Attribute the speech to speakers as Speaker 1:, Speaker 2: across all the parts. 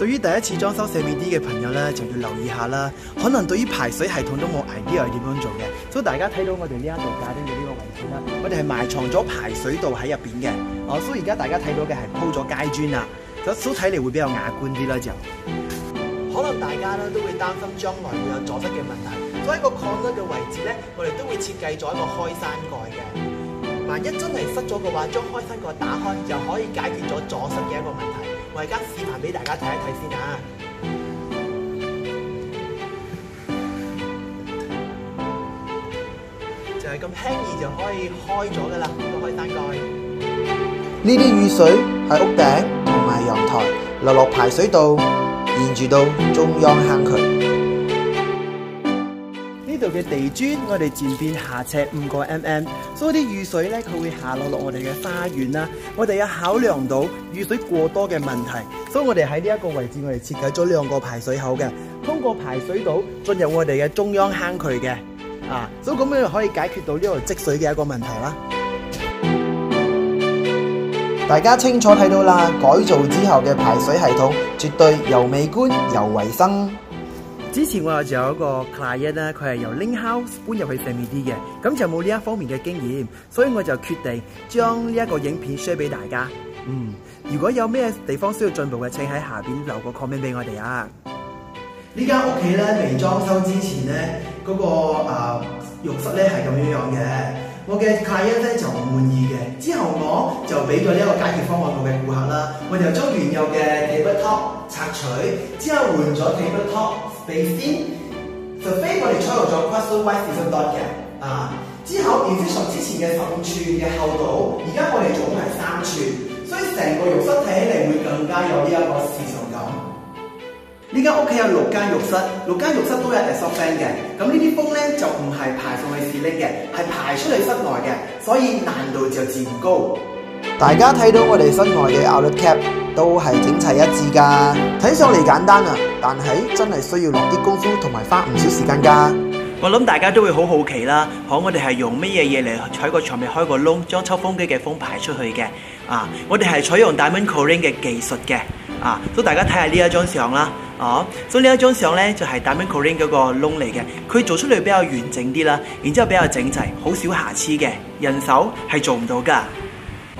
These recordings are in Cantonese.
Speaker 1: 對於第一次裝修 Semi-D 嘅朋友咧，就要留意下啦。可能對於排水系統都冇 idea 係點樣做嘅。所以大家睇到我哋呢一度架喺度呢個位置啦，我哋係埋藏咗排水道喺入邊嘅。哦，所以而家大家睇到嘅係鋪咗階磚啦，咁都睇嚟會比較雅觀啲啦就。可能大家咧都會擔心將來會有阻塞嘅問題，所以一個擴塞嘅位置咧，我哋都會設計咗一個開山蓋嘅。萬一真係塞咗嘅話，將開山蓋打開，又可以解決咗阻塞嘅一個問題。我而家試埋俾大家睇一睇先啊！就係咁輕易就可以開咗㗎喇，呢個開單蓋。呢啲雨水喺屋頂同埋陽台流落排水道，沿住到中央坑渠。度嘅地磚，我哋漸變下斜五個 mm，所以啲雨水呢，佢會下落落我哋嘅花園啦。我哋有考量到雨水過多嘅問題，所以我哋喺呢一個位置，我哋設計咗兩個排水口嘅，通過排水道進入我哋嘅中央坑渠嘅啊，所以咁樣就可以解決到呢個積水嘅一個問題啦。大家清楚睇到啦，改造之後嘅排水系統絕對又美觀又衛生。之前我有就有一個 client 咧，佢係由 Link House 搬入去 Semi-D 嘅，咁就冇呢一方面嘅經驗，所以我就決定將呢一個影片 share 俾大家。嗯，如果有咩地方需要進步嘅，請喺下邊留個 comment 俾我哋啊。呢間屋企咧未裝修之前咧，嗰、那個啊、呃、浴室咧係咁樣樣嘅。我嘅客戶咧就唔滿意嘅，之後我就俾咗一個解決方案俾我嘅顧客啦，我就將原有嘅 table top 拆取，之後換咗 table top 俾先，除非我哋採用咗 Crystal White Vision Dock 嘅啊，之後原先從之前嘅十五寸嘅厚度，而家我哋總係三寸，所以成個浴室睇起嚟會更加有呢一個視像。呢間屋企有六間浴室，六間浴室都有 airsoft fan 嘅。咁呢啲風咧就唔係排上去 ceiling 嘅，係排出嚟室內嘅，所以難度就自然高。大家睇到我哋室外嘅 outlet cap 都係整齊一致噶，睇上嚟簡單啊，但係真係需要落啲功夫同埋花唔少時間噶。我諗大家都會好好奇啦，可我哋係用乜嘢嘢嚟喺個牆面開個窿，將抽風機嘅風排出去嘅？啊，我哋係採用 Diamond Coring 嘅技術嘅。啊，都大家睇下呢一張相啦。哦、啊，所以張呢、就是、一張相咧就係 diamond coring 嗰個窿嚟嘅，佢做出嚟比較完整啲啦，然之後比較整齊，好少瑕疵嘅，人手係做唔到噶。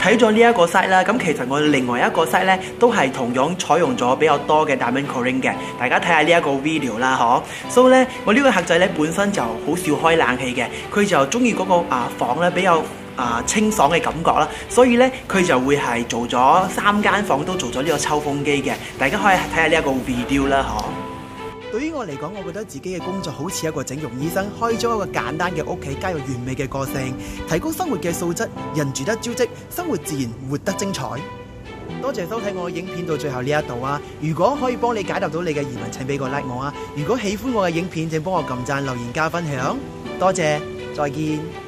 Speaker 1: 睇咗呢一個 site 啦，咁其實我另外一個 site 咧都係同樣採用咗比較多嘅 diamond coring 嘅，大家睇下呢一個 video 啦，嗬、啊。所以咧，我呢個客仔咧本身就好少開冷氣嘅，佢就中意嗰個啊、呃、房咧比較。啊，清爽嘅感覺啦，所以呢，佢就會係做咗三間房都做咗呢個抽風機嘅，大家可以睇下呢一個 video 啦，嗬。對於我嚟講，我覺得自己嘅工作好似一個整容醫生，開咗一個簡單嘅屋企，加入完美嘅個性，提高生活嘅素質，人住得招積，生活自然活得精彩。多謝收睇我影片到最後呢一度啊！如果可以幫你解答到你嘅疑問，請俾個 like 我啊！如果喜歡我嘅影片，請幫我撳讚、留言、加分享，多謝，再見。